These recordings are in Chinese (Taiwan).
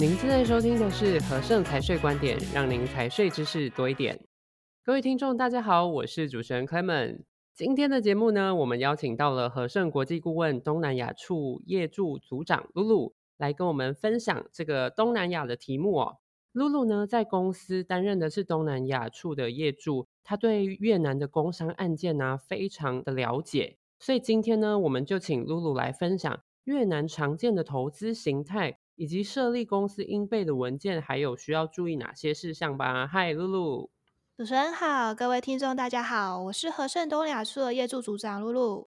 您正在收聽的是和盛財稅觀點，讓您財稅知識多一點。各位聽眾，大家好，我是主持人 c l e m e n t 今天的節目呢，我們邀請到了和盛國際顧問東南亞處業主組長露露來跟我們分享這個東南亞的題目哦。露露呢，在公司擔任的是東南亞處的業主，他對越南的工商案件呢、啊、非常的了解，所以今天呢，我們就請露露來分享越南常見的投資形態。以及設立公司應備的文件，還有需要注意哪些事項吧？嗨，露露，主持人好，各位聽眾大家好，我是荷盛東亞處的業助組長露露。Lulu、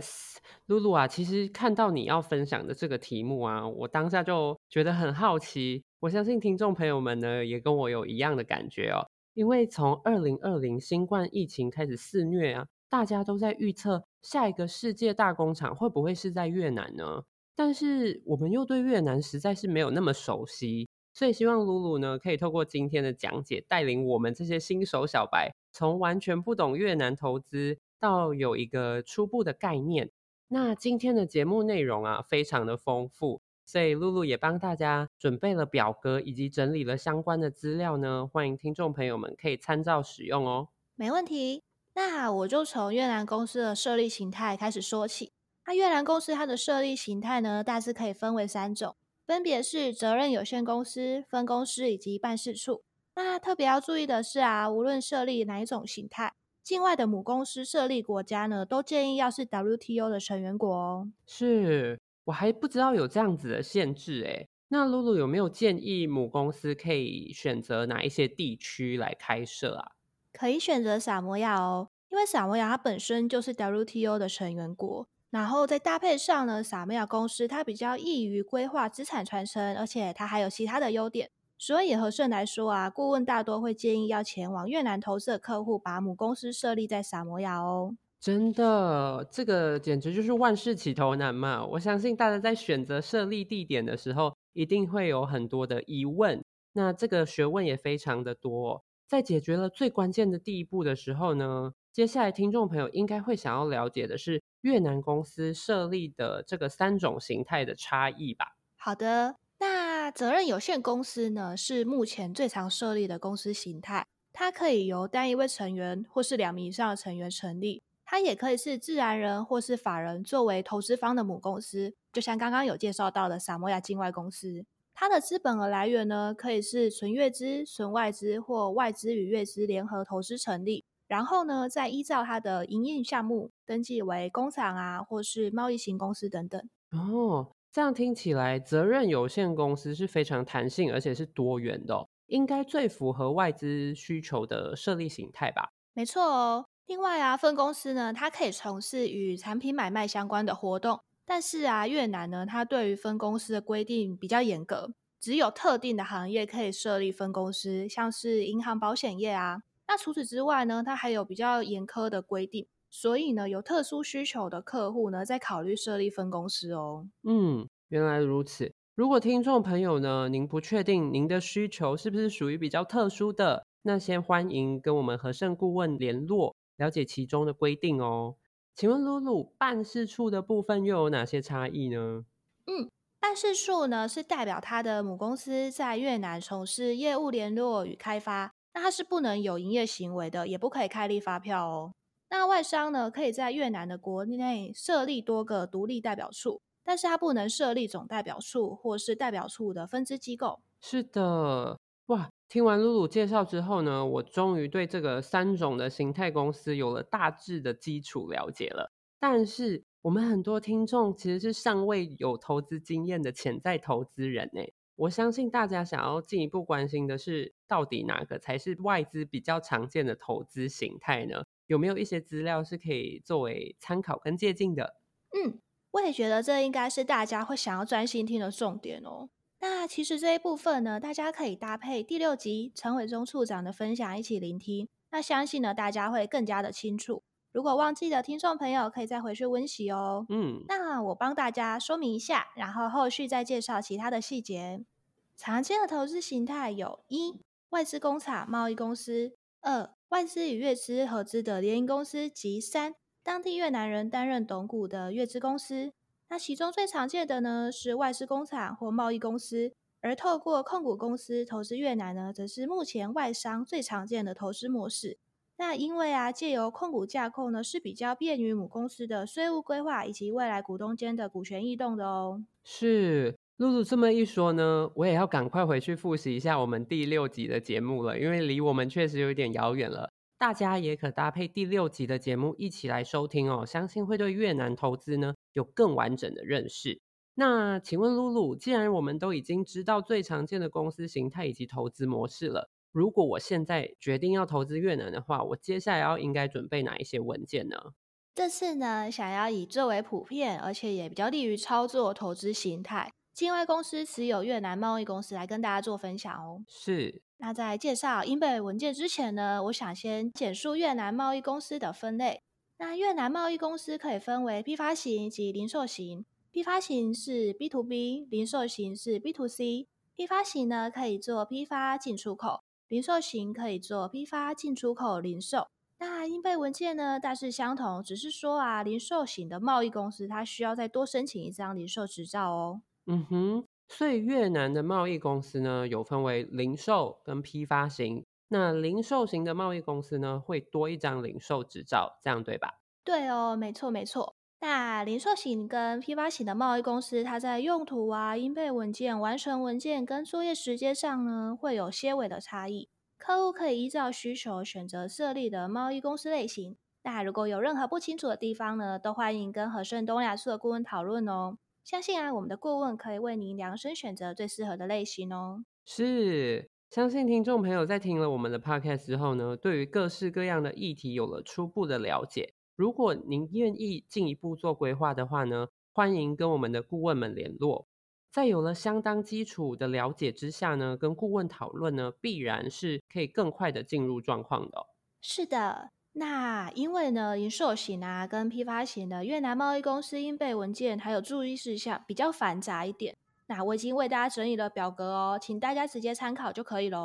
yes，露露啊，其實看到你要分享的這個題目啊，我當下就覺得很好奇。我相信聽眾朋友們呢，也跟我有一樣的感覺哦，因為從二零二零新冠疫情開始肆虐啊，大家都在預測下一個世界大工廠會不會是在越南呢？但是我們又對越南實在是沒有那麽熟悉，所以希望 Lulu 呢可以透過今天的講解，帶領我們這些新手小白，從完全不懂越南投資到有一個初步的概念。那今天的節目內容啊，非常的豐富，所以 Lulu 也幫大家準備了表格，以及整理了相關的資料呢，歡迎聽眾朋友們可以參照使用哦。沒問題，那我就從越南公司的設立型態開始說起。啊，越南公司它的設立形態呢，大致，可以分為三種，分別是責任有限公司、分公司以及辦事處。那特別要注意的是啊，無論設立哪一種形態，境外的母公司設立國家呢，都建議要是 WTO 的成員國哦。是我還不知道有這樣子的限制哎，欸。那露露有沒有建議母公司可以選擇哪一些地區來開設啊？可以選擇薩摩亞哦，因為薩摩亞它本身就是 WTO 的成員國。然後再搭配上呢，薩摩亞公司它比較易於規劃資產傳承，而且它還有其他的優點。所以荷盛來說啊，顧問大多會建議要前往越南投資的客戶把母公司設立在薩摩亞哦。真的，這個簡直就是萬事起頭難嘛！我相信大家在選擇設立地點的時候，一定會有很多的疑問。那這個學問也非常的多。在解決了最關鍵的第一步的時候呢，接下來聽眾朋友應該會想要了解的是。越南公司設立的這個三種形態的差異吧。好的，那責任有限公司呢，是目前最常設立的公司形態。它可以由單一位成員或是兩名以上的成員成立，它也可以是自然人或是法人作為投資方的母公司，就像剛剛有介紹到的薩摩亞境外公司。它的資本額來源呢，可以是純越資、純外資或外資與越資聯合投資成立。然後呢，再依照它的營業項目登記為工廠啊，或是貿易型公司等等。哦，這樣聽起來，責任有限公司是非常彈性，而且是多元的哦，應該最符合外資需求的設立形態吧？沒錯哦。另外啊，分公司呢，它可以從事與產品買賣相關的活動，但是啊，越南呢，它對於分公司的規定比較嚴格，只有特定的行業可以設立分公司，像是銀行、保險業啊。那除此之外呢，它還有比較嚴苛的規定，所以呢，有特殊需求的客戶呢，在考慮設立分公司哦。嗯，原來如此。如果聽眾朋友呢，您不確定您的需求是不是屬於比較特殊的，那先歡迎跟我們荷盛顧問聯絡，了解其中的規定哦。請問露露，辦事處的部分又有哪些差異呢？嗯，辦事處呢是代表他的母公司，在越南從事業務聯絡與開發。那它是不能有營業行為的，也不可以開立發票哦。那外商呢，可以在越南的國內設立多個獨立代表處，但是它不能設立總代表處或是代表處的分支機構。是的，哇！聽完露露介紹之後呢，我終於對這個三種的形態公司有了大致的基礎了解了。但是我們很多聽眾其實是尚未有投資經驗的潛在投資人呢。我相信大家想要進一步關心的是，到底哪個才是外資比較常見的投資型態呢？有沒有一些資料是可以作為參考跟借鑑的？嗯，我也覺得這應該是大家會想要專心聽的重點哦。那其實這一部分呢，大家可以搭配第六集陳偉忠處長的分享一起聆聽。那相信呢，大家會更加的清楚。如果忘記的聽眾朋友，可以再回去溫習哦。嗯，那我幫大家說明一下，然後後續再介紹其他的細節。常見的投資形態有一外資工廠、貿易公司；二外資與越資合資的聯營公司；及三當地越南人擔任董股的越資公司。那其中最常見的呢，是外資工廠或貿易公司，而透過控股公司投資越南呢，則是目前外商最常見的投資模式。那因為啊，借由控股架構，呢，是比較便於母公司的稅務規劃以及未來股東間的股權異動的哦。是。露露這麼一說呢，我也要趕快回去複習一下我們第六集的節目了，因為離我們確實有點遙遠了。大家也可搭配第六集的節目一起來收聽哦，相信會對越南投資呢有更完整的認識。那請問露露，既然我們都已經知道最常見的公司型態以及投資模式了，如果我現在決定要投資越南的話，我接下來要應該要準備哪一些文件呢？這次呢，想要以最為普遍而且也比較利於操作投資型態。境外公司持有越南貿易公司來跟大家做分享哦。是。那在介紹應備文件之前呢，我想先簡述越南貿易公司的分類。那越南貿易公司可以分為批發型及零售型。批發型是 B to B，零售型是 B to C。批發型呢可以做批發進出口，零售型可以做批發進出口零售。那應備文件呢大致相同，只是說啊，零售型的貿易公司它需要再多申請一張零售執照哦。嗯哼，所以越南的貿易公司呢，有分為零售跟批發型。那零售型的貿易公司呢，會多一張零售執照，這樣對吧？對哦，沒錯沒錯。那零售型跟批發型的貿易公司，它在用途啊、應備文件、完成文件跟作業時間上呢，會有些微的差異。客戶可以依照需求選擇設立的貿易公司類型。那如果有任何不清楚的地方呢，都歡迎跟荷盛東亞處的顧問討論哦。相信啊，我們的顧問可以為您量身選擇最適合的類型哦。是，相信聽眾朋友在聽了我們的 podcast 之後呢，對於各式各樣的議題有了初步的了解。如果您願意進一步做規劃的話呢，歡迎跟我們的顧問們聯絡。在有了相當基礎的了解之下呢，跟顧問討論呢，必然是可以更快的進入狀況的哦。是的。那因為呢，零售型啊跟批發型的越南貿易公司應備文件還有注意事項比較繁雜一點。那我已經為大家整理了表格哦，請大家直接參考就可以嘍。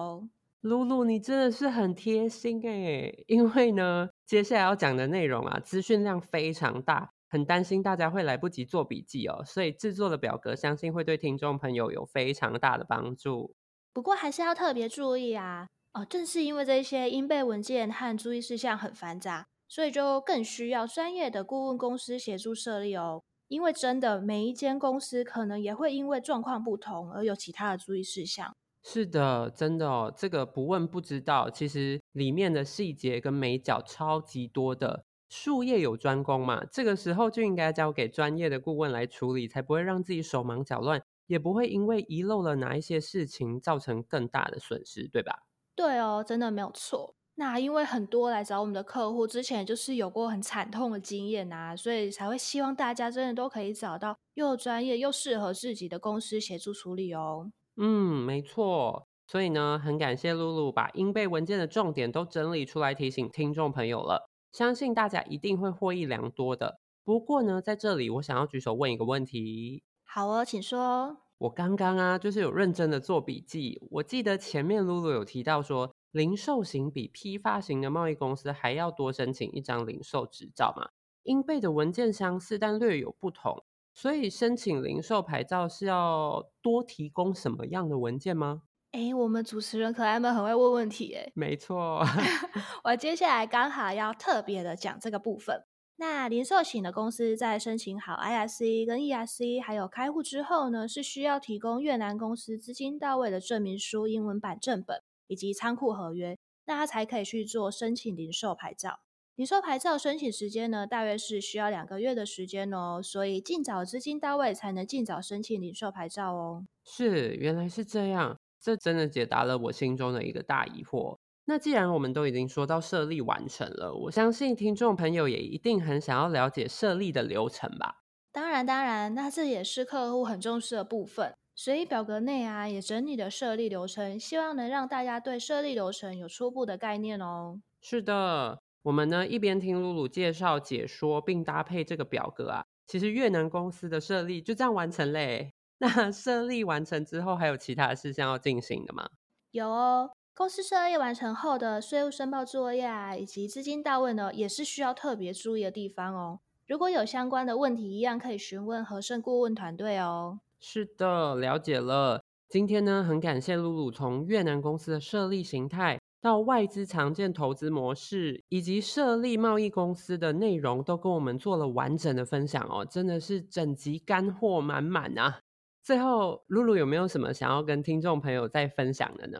露露，你真的是很貼心哎、欸！因為呢，接下來要講的內容啊，資訊量非常大，很擔心大家會來不及做筆記哦，所以製作的表格相信會對聽眾朋友有非常大的幫助。不過還是要特別注意啊。哦，正是因為這些應備文件和注意事項很繁雜，所以就更需要專業的顧問公司協助設立哦。因為真的，每一間公司可能也會因為狀況不同而有其他的注意事項。是的，真的哦，這個不問不知道，其實裡面的細節跟眉角超級多的。術業有專攻嘛，這個時候就應該交給專業的顧問來處理，才不會讓自己手忙腳亂，也不會因為遺漏了哪一些事情造成更大的損失，對吧？對哦，真的沒有錯。那因為很多來找我們的客戶之前就是有過很慘痛的經驗吶、啊，所以才會希望大家真的都可以找到又專業又適合自己的公司協助處理哦。嗯，沒錯。所以呢，很感謝露露把應備文件的重點都整理出來，提醒聽眾朋友了，相信大家一定會獲益良多的。不過呢，在這裡我想要舉手問一個問題。好哦，請說。我剛剛啊，就是有認真的做筆記。我記得前面 Lulu 有提到說，零售型比批發型的貿易公司還要多申請一張零售執照嘛。應備的文件相似，但略有不同。所以申請零售牌照是要多提供什麼樣的文件嗎？哎、欸，我們主持人可愛們很會問問題哎、欸，沒錯， 我接下來剛好要特別的講這個部分。那零售型的公司在申請好 IRC 跟 ERC 還有開戶之後呢，是需要提供越南公司資金到位的證明書（英文版正本）以及倉庫合約，那他才可以去做申請零售牌照。零售牌照申請時間呢，大約是需要兩個月的時間哦、喔，所以盡早資金到位才能盡早申請零售牌照哦、喔。是，原來是這樣，這真的解答了我心中的一個大疑惑。那既然我們都已經說到設立完成了，我相信聽眾朋友也一定很想要了解設立的流程吧？當然，當然，那這也是客戶很重視的部分，所以表格內啊也整理了設立流程，希望能讓大家對設立流程有初步的概念哦。是的，我們呢一邊聽露露介紹解說，並搭配這個表格啊，其實越南公司的設立就這樣完成嘞。那設立完成之後，還有其他事項要進行的嗎？有哦。公司設立完成後的稅務申報作業啊，以及資金到位呢，也是需要特別注意的地方哦。如果有相關的問題，一樣可以詢問荷盛顧問團隊哦。是的，了解了。今天呢，很感謝露露從越南公司的設立形態到外資常見投資模式，以及設立貿易公司的內容，都跟我們做了完整的分享哦，真的是整集乾貨滿滿啊。最後，露露有沒有什麼想要跟聽眾朋友再分享的呢？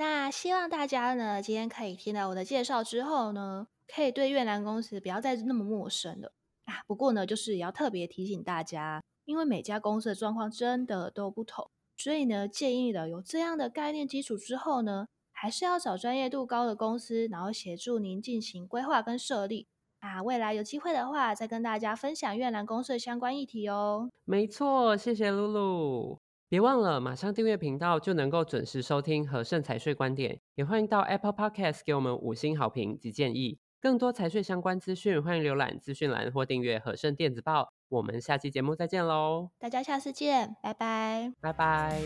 那希望大家呢，今天可以聽到我的介紹之後呢，可以對越南公司不要再那麼陌生了啊。不過呢，就是也要特別提醒大家，因為每家公司的狀況真的都不同，所以呢，建議的有這樣的概念基礎之後呢，還是要找專業度高的公司，然後協助您進行規劃跟設立啊。未來有機會的話，再跟大家分享越南公司的相關議題哦。沒錯，謝謝露露。別忘了馬上訂閱頻道，就能夠準時收聽荷盛財稅觀點。也歡迎到 Apple Podcast 給我們五星好評及建議。更多財稅相關資訊，歡迎瀏覽資訊欄或訂閱荷盛電子報。我們下期節目再見嘍！大家下次見，拜拜！拜拜。